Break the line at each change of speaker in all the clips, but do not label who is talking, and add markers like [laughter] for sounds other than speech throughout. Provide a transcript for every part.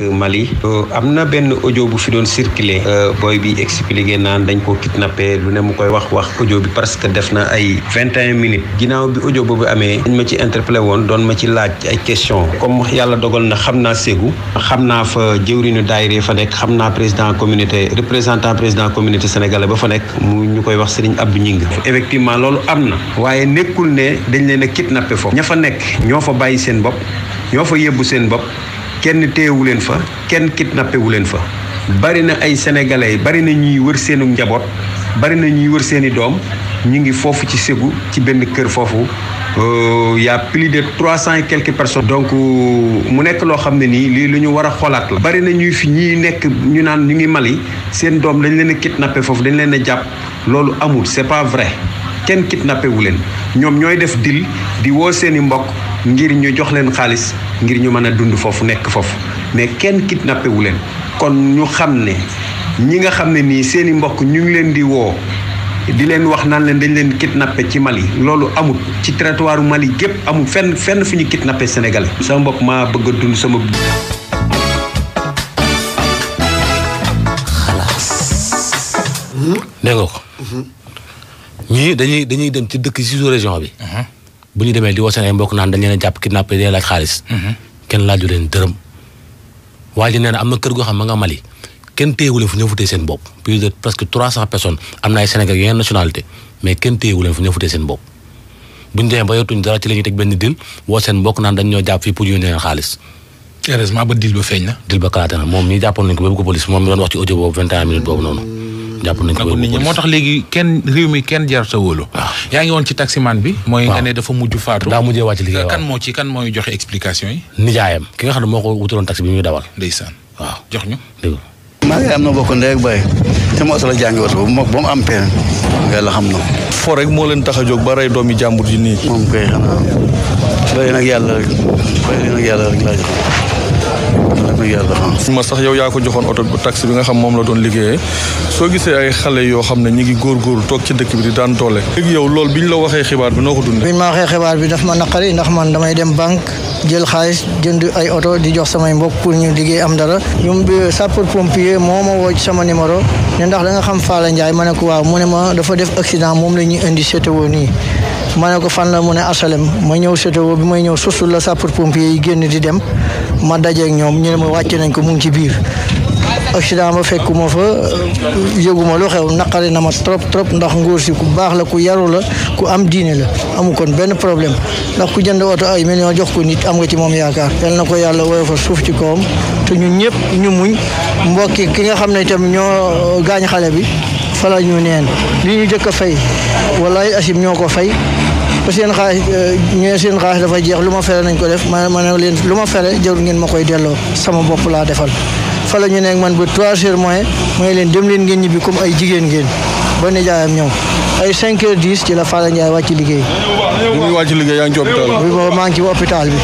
Mali euh, am na benn audio bu fi doon circulé euh, booy bi expliqué naan dañ koo kidnappé lu ne mu koy wax wax audio bi parce que def na ay vingt et un minutes ginnaaw bi audio boobu amee dañ ma ci interpellé woon doon ma ci laaj ay question comme yàlla dogal na xam naa Ségou xam naa fa jëwriñu daayira fa nekk xam naa président communauté représentant président communauté sénégalais ba fa nekk mu ñu koy wax Serigne Abdou Ñing effectivement loolu am na waaye nekkul ne dañ leen a kidnappé foofu ña fa nekk ñoo fa bàyyi seen bopp ñoo fa yebbu seen bopp kenn téyewu leen fa kenn kidnappé wu leen fa bari na ay sénégalais bari na ñuy wër seenu njaboot bari na ñuy wër seeni doom ñu ngi foofu ci Ségou ci benn kër foofu euh, y a plus de trois cent et quelques personnes. donc euh, mu nekk loo xam ne nii lii lu ñu war a xoolaat la. bari na ñuy fi ñuy nekk ñu naan ñu ngi Mali seen doom dañ leen a kidnappé foofu dañ leen a jàpp loolu amul c'est pas vrai kenn kidnappé wu leen ñoom ñooy def dil di woo seeni mbokk ngir ñu jox leen xaalis. ngir ñu mën a dund foofu nek ken mais kenn kidnappé wu kon ñu xam ne ñi nga xam ne nii seen i mbokk ñu ngi leen di wo di len wax naan leen dañ leen kidnappé ci mali loolu amul ci territoire mali gépp amul fenn fenn fi kidnappé sénégalais sama mbokk maa bëgg dund sama mhm.
dañuy dañuy dem ci dëkk ci sous région bi mhm. bu ñu demee di woo seen ay mbokk naan dañ leen a jàpp kidnappé dañ leen laaj xaalis. Mhm. kenn laaju leen dërëm. waa ji nee na am na kër goo xam ma nga Mali kenn téyewu leen fu ñu futee seen bopp bu ñu demee ba yotuñ dara ci la teg benn dil woo seen mbokk naan dañ ñoo jàpp fii pour ñu leen xaalis. heureusement ba dil ba feeñ na. dil ba kalaate moom ñi jàppoon nañ ko ba bu ko moom mi doon wax ci audio boobu 21 minutes boobu noonu. Jangan nañ ko nit ñi moo tax kenn réew mi kenn jar sa wóolu ah. yaa ngi woon ci taximan bi mooy nga ne dafa mujj faatu kan mau ci kan mooy joxe explication yi nijaayam ki nga xam ne moo ko taxi bi muy dawal ndeysaan waaw jox ñu dégg maa ngi am na bokk ndey ak bàyyi sama oto la jàngi oto
ba mu am peen yàlla xam na fo rek moo leen tax a jóg ba rey doomi jàmbur ji nii rek rek jox dëgg yàlla ma sax yow yaa ko joxoon oto taxi bi nga xam moom la doon liggéeyee soo gisee ay xale yoo xam ne ñi ngi góorgóorlu toog ci dëkk bi di daan doole léegi yow loolu biñ la waxee xibaar bi noo ko dundee
biñ ma waxee xibaar bi daf ma naqari ndax man damay dem banque jël xaalis jënd ay oto di jox samay mbokk pour ñu liggéey am dara ñum bi ne da ko fan la mu ne asalem ma ñëw seetewoo bi may ñëw susul la sapeur yi génn di dem ma dajeeg ñoom ñu ne ma wàcce nañ ko mu ci biir accident ba fekkuma fa yóguma lu xew naqari na ma trop trop ndax nguur si ku baax la ku yaru la ku am diine la amu kon benn problème ndax ku jënd oto ay million jox ko nit am nga ci moom yaakaar yal na ko yàlla woyofal suuf ci kawam te ñun ñëpp ñu muñ mbokki ki nga xam ne itam ñoo gaañ xale bi fa la ñu neen li ñu jëkk a fay walaay asim ñoo ko fay parce que seen xaalis eh, ñee seen jeex lu ma fere nañ ko def ma ma ne leen lu ma fere jarul ngeen ma koy delloo sama bopp laa defal fala ñu nekk man ba trois heures moins mooy leen dem leen ngeen ñibbi comme ay jigéen ngeen ba nijaayam ñëw ay cinq heures dix ci la Fala Ndiaye wàcc liggéey. ñu ngi wàcc liggéey yaa ngi ci hôpital bi. maa ngi ci hôpital bi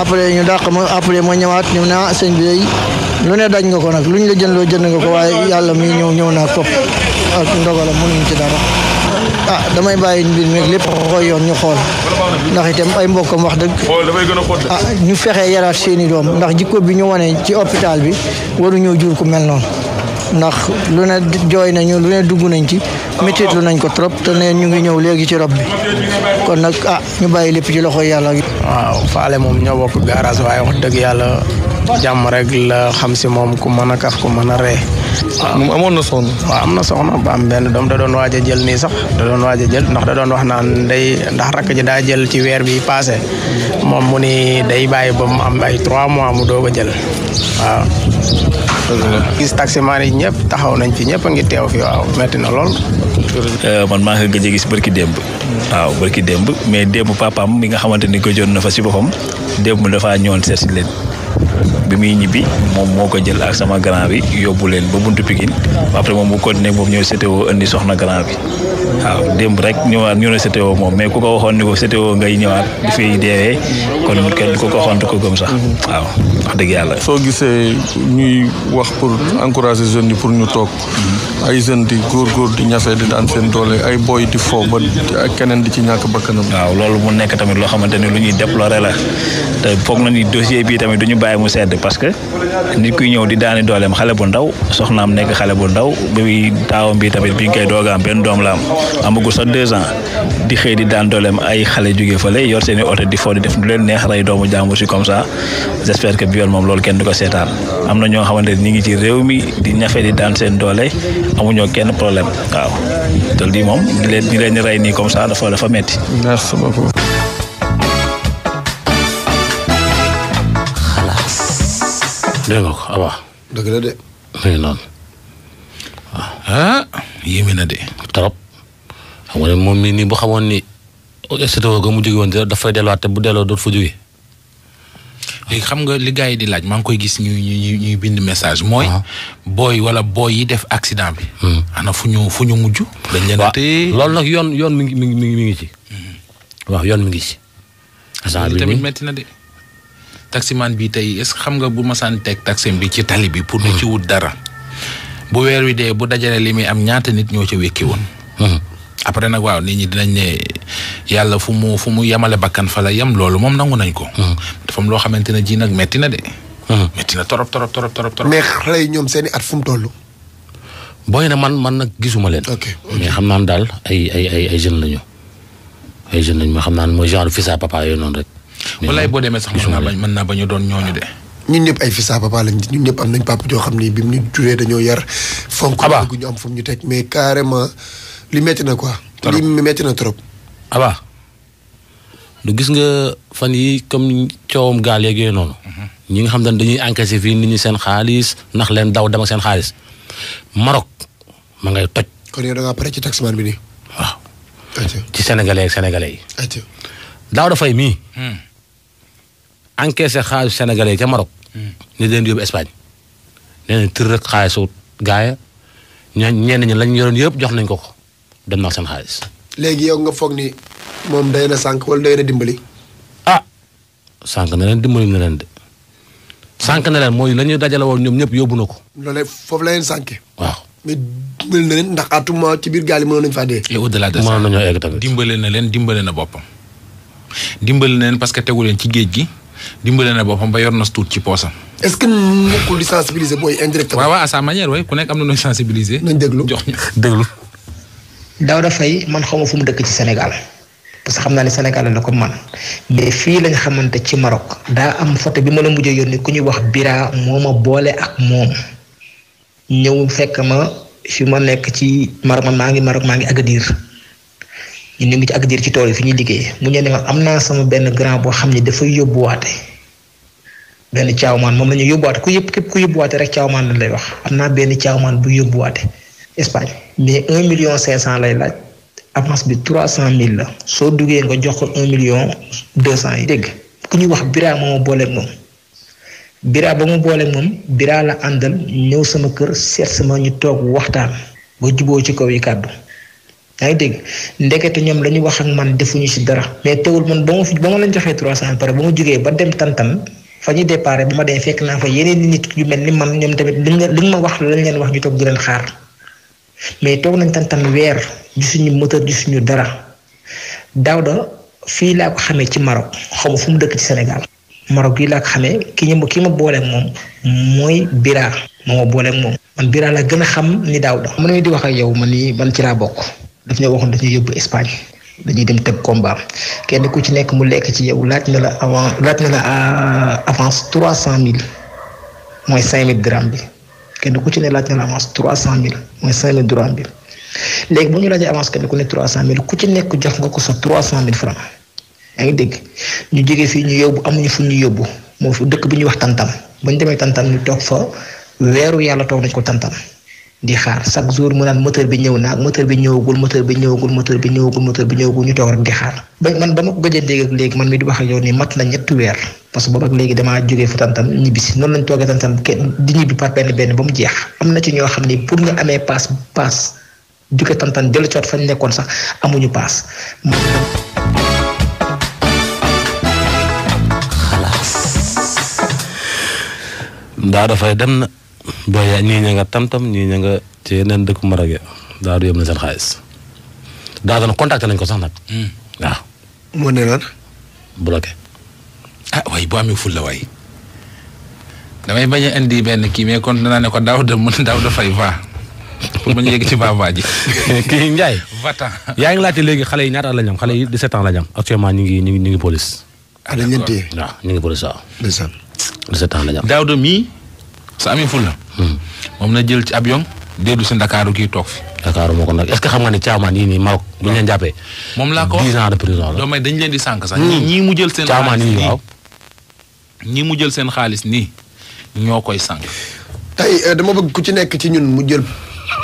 après ñu dàq ma après ma ñëwaat ñu naa ah, sëñ bi day lu ne dañ nga ko nag lu ñu la jënd loo jënd nga ko waaye yàlla muy ñëw ñëw naa topp ak ndogalam mënuñ ci dara. ah damay bàyyi mbir mi lépp koy yoon ñu xool ndax itam ay mbokkam wax dëgg ah ñu fexe yaraat seeni doom ndax jikko bi ñu wane ci hôpital bi waruñoo jur ku mel noonu ndax lu ne jooy nañu lu ne dugg nañ ci métit nañ ko trop te ne ñu ngi ñëw léegi ci rob bi kon nag ah ñu bàyyi lépp ci loxo yàlla. waaw faale moom ñoo bokk garage waaye wax dëgg yàlla. Jam
rek euh, la xam si moom ku mën a kaf ku mën a ree waaw ah, moom amoon na soxna waaw am soxna ba am benn doom da doon waaj jël nii sax da doon waaj jël ndax da doon wax naan day ndax rakk ji daa jël ci weer bi passé moom mu ni day bàyyi ba am ay mois mu jël gis taxaw nañ ngi fi metti
na lool euh, man gis barki waaw barki mais papam mi nga na fa dafa leen bi muy ñibbi moom moo ko jël ak sama grand bi yóbbu leen ba buntu Pikine après moom mu continué moom ñëw CTO indi soxna grand bi waaw démb rek ñëwaat ñu ne CTO moom mais ku ko waxoon ni ko CTO ngay ñëwaat di fay deewee kon kenn ku ko xont ko gëm sax waaw wax dëgg yàlla. soo gisee ñuy wax pour encourager jeunes yi pour ñu toog ay jeunes di góorgóor di ñafe di daan seen doole ay booy di fo keneen ci ñàkk bakkanam waaw loolu mu nekk tamit loo xamante ni lu ñuy déplorer la te foog nañu dossier bii tamit du ñu bàyyi mu sedd parce que nit kuy ñëw di daani dooleem xale bu ndaw soxnaam nekk xale bu ndaw bi taawam bii tamit bi ñu koy doogaam benn doom la am amagu sax deux ans di xëy di daan dooleem ay xale jóge fële yor seen i di fo di def du leen neex rey doomu jàmbur si comme ça j'espère que actuel moom loolu kenn du ko seetaan am na ni ngi ci réew mi di ñafe di daan seen doole amuñoo kenn problème waaw te lii moom di leen di leen rey nii comme ça dafa dafa metti merci beaucoup
dégg nga ko awa dëgg la de muy noonu ah, ah yéeme na de trop xam nga moom bu xamoon ni STO ga mu jóge woon dafay delluwaat te bu delloo doot fa jógee léegi xam nga li yi di laaj maa ngi koy gis ñu ñu ñuy bind message mooy. Ah. booy wala booy yi def accident bi. Hmm. ana fu ñu fu ñu mujj. dañ leen a téye loolu nag yoon yoon mi ngi mi ngi mi ngi ci. Hmm. waaw yoon mi ngi ci. accident bi tamit métti na de. taximaan bi tey xam nga bu masaan teg taxim bi ci tali bi. pour ne hmm. ci wut dara. bu weer wi de bu dajale li muy am ñaata nit ñoo ca wékki woon. après nag waaw nit ñi dinañ ne yàlla fu mu fu mu yemale bakkan fa la yem loolu moom nangu nañ ko. Hmm. dafa am loo xamante ne ji nag metti na de. Hmm. metti na torop torop torop torop torop. mais xale
yi ñoom seen i at fu mu toll.
booy na man man nag gisuma leen. ok mais xam dal daal ay ay ay ay jeunes lañu ay jeunes lañu ma xam mo mooy genre fils à papa yo non rek. walaay boo demee sax mën naa bañ mën naa bañ a doon ñooñu de. ñun ñëpp ay fils
papa lañ ñun ñëpp am nañ papa joo xam ni bi mu ñu juree dañoo yar.
fonk gu
ñu am fu mu ñu teg mais
carrément li metti na quoi. li metti na trop. aba du gis nga fan yi comme coowam gaal yeeg yooyu noonu. Mhm. ñi nga xam ne dañuy encaissé fii nit ñi seen xaalis ndax leen daw dem seen xaalis Maroc ma ngay toj. kon yow da ngaa pare ci taximaan bi nii. waaw. ci sénégalais ak sénégalais yi. ayca daaw dafay mii. Hmm. encaissé ca Maroc. Hmm. ni leen di yóbbu Espagne. nee nañ rek xaalisu gaaya ñenn ñi lañ yoroon yëpp jox nañ ko ko dem na seen xaalis. léegi yow nga foog ni moom day na sànq wala day na dimbali. ah sànq na leen dimbali na leen de sànq na leen mooy la ñuy dajale woon ñoom ñëpp yóbbu na ko.
loolee foofu la
waaw mais dimbali na leen ndax à
tout moment ci biir gaal yi mënoon nañu faa dee. et au delà de egg tamit.
dimbali na leen dimbali na boppam. dimbali na leen parce que tegu leen ci géej gi dimbali na boppam ba yor na tuut ci poosam. est-ce que nekkul di sensibiliser booy indirectement. waaw waaw à sa manière way ku nekk am na nooy sensibiliser. nañ déglu jox ñu déglu.
Daouda fay man xawma fu mu dëkk ci Sénégal parce que xam naa la ko man mais fii lañ xamante ci Maroc daa am photo bi ma la mujjee yónni ku ñuy wax Bira moo ma boole ak moom ñëw fekk ma fi ma nekk ci Maroc man maa Maroc maa Agadir ñu ngi ci Agadir ci tool yi fi ñuy liggéey mu ñëw ma am sama ben grand boo xam ne dafay yóbbuwaate benn caawmaan moom la ñu yóbbuwaate ku yëpp képp ku yóbbuwaate rek caawmaan lañ lay wax am naa bu yóbbuwaate Espagne mais un million cinq cent lay laaj avance bi trois cent mille la soo duggee nga jox ko un million deux cent yi dégg ku ñu wax biraa moo booleeg moom biraa ba mu booleeg moom biraa la àndal ñëw sama kër seet sama ñu toog waxtaan ba juboo ci kaw yi kàddu yaa dégg ndekete ñoom lañu wax ak man defuñu ci dara mais man ba ma fi ba ma leen joxee trois cent pare ba ma ba dem tantan fa ñu ma dee fekk naa fa yeneen nit yu mel ni man ñoom tamit li ma wax lañ leen wax ñu toog di leen xaar mais toog nañ tantan weer gisuñu moteur suñu dara Daouda fii laa ko xamee ci Maroc xaw ma fu mu dëkk ci Sénégal Maroc yi laa ko xamee ki ñu ki ma booleeg moom mooy Bira moo ma booleeg moom man Bira laa gën a xam ni Daouda. man mii di wax ak yow man nii man ci laa bokk daf ñoo waxoon daf ñuy yóbbu Espagne dañuy dem tëb combat kenn ku ci nekk mu lekk ci yow laaj na la avant laaj na la euh, avance trois cent mille mooy cinq mille grammes bi. kenn ku ci ne laaj na la avance trois cent mille mooy cinq mille trois mille léegi bu ñu laajee avance kenn ku ne trois cent mille ku ci nekk jox nga ko sa trois cent mille franc yaa ngi dégg ñu jógee fii ñu yóbbu amuñu fu ñu yóbbu moo fi dëkk bi ñuy wax tantam ba ñu demee tantam ñu toog fa weeru yàlla toog nañ ko tantam di xaar chaque jour mu naan moteur bi ñëw naa ak moteur bi ñëwagul moteur bi ñëwagul moteur bi ñëwagul moteur bi ñëwagul ñu toog rek di xaar. ba man ba a dégg ak léegi man mi di wax ak yow mat na ñetti weer. parce que boobu ak léegi damaa jógee fa tantan ñibbi si noonu lañ toogee tantan di ñibbi par benn benn ba mu jeex am na ci ñoo xam ne pour nga amee paas paas jóge tantan dellu coot fañ nekkoon sax amuñu paas
daa dafay dem na boo yaa ñii ña nga tam-tam ñii ña nga ci yeneen dëkk marage daa du yem na seen xaalis daa doon contacté nañ ko sax nag hmm. waaw moo ne lan bloqué ah waaye bu amee ful la waay damay bañ a indi benn kii mais kon danaa ne ko daaw de mën daaw de fay va pour bañ a yegg ci baabaa ji. [laughs] kii Ndiaye. vatan yaa ngi laajte léegi xale yi ñaata at la ñu xale yi 17 ans la ñu am ñu ngi ñu ngi ñu ngi police. ah ñu ngi police daaw de mii sa amee ful hmm. la. moom na jël ci avion dellu si Ndakaaru kii toog fi. Dakar moo ko nag est-ce que xam nga ne caaman yii nii Maroc bu ñu jàppee. moom laa ko wax 10 ans la. doo may dañ leen di sànq sax. Hmm. ñii mu jël seen. caaman yii waaw ñi mu jël seen xaalis nii ñoo koy sànq.
tey euh, dama bëgg ku ci nekk ci ñun mu jël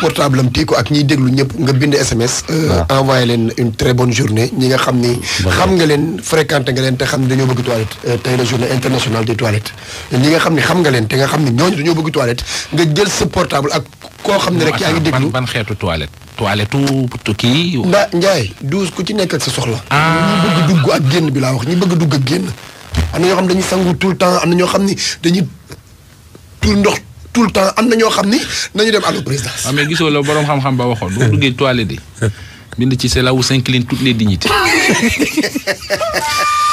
portable am tii ko ak ñiy déglu ñëpp nga bind SMS. Euh, ah. envoyé leen une très bonne journée ñi nga xam ni. xam nga leen fréquenté nga leen te xam dañoo bëgg toilette. Euh, tey la journée internationale des ñi nga xam ni xam nga leen te nga xam ni dañoo bëgg toilette nga jël sa portable ak. koo xam ne rek yaa ngi déglu ban
xeetu toilette. toilette tu kii. Nda
Ndiaye douze ku ci nekk ak sa soxla. Ah. ñi bëgg dugg ak génn bi laa wax ñi bëgg dugg ak génn. am na ñoo xam dañuy sangu tout le temps am na ñoo xam ni dañu tuur ndox tout le temps am na ñoo xam ni nañu dem àllu présidence.
waaw mais gisoo la borom xam-xam ba waxoon. boo duggee
toilette de bind ci c'est là où s'incline toutes les dignités. [laughs]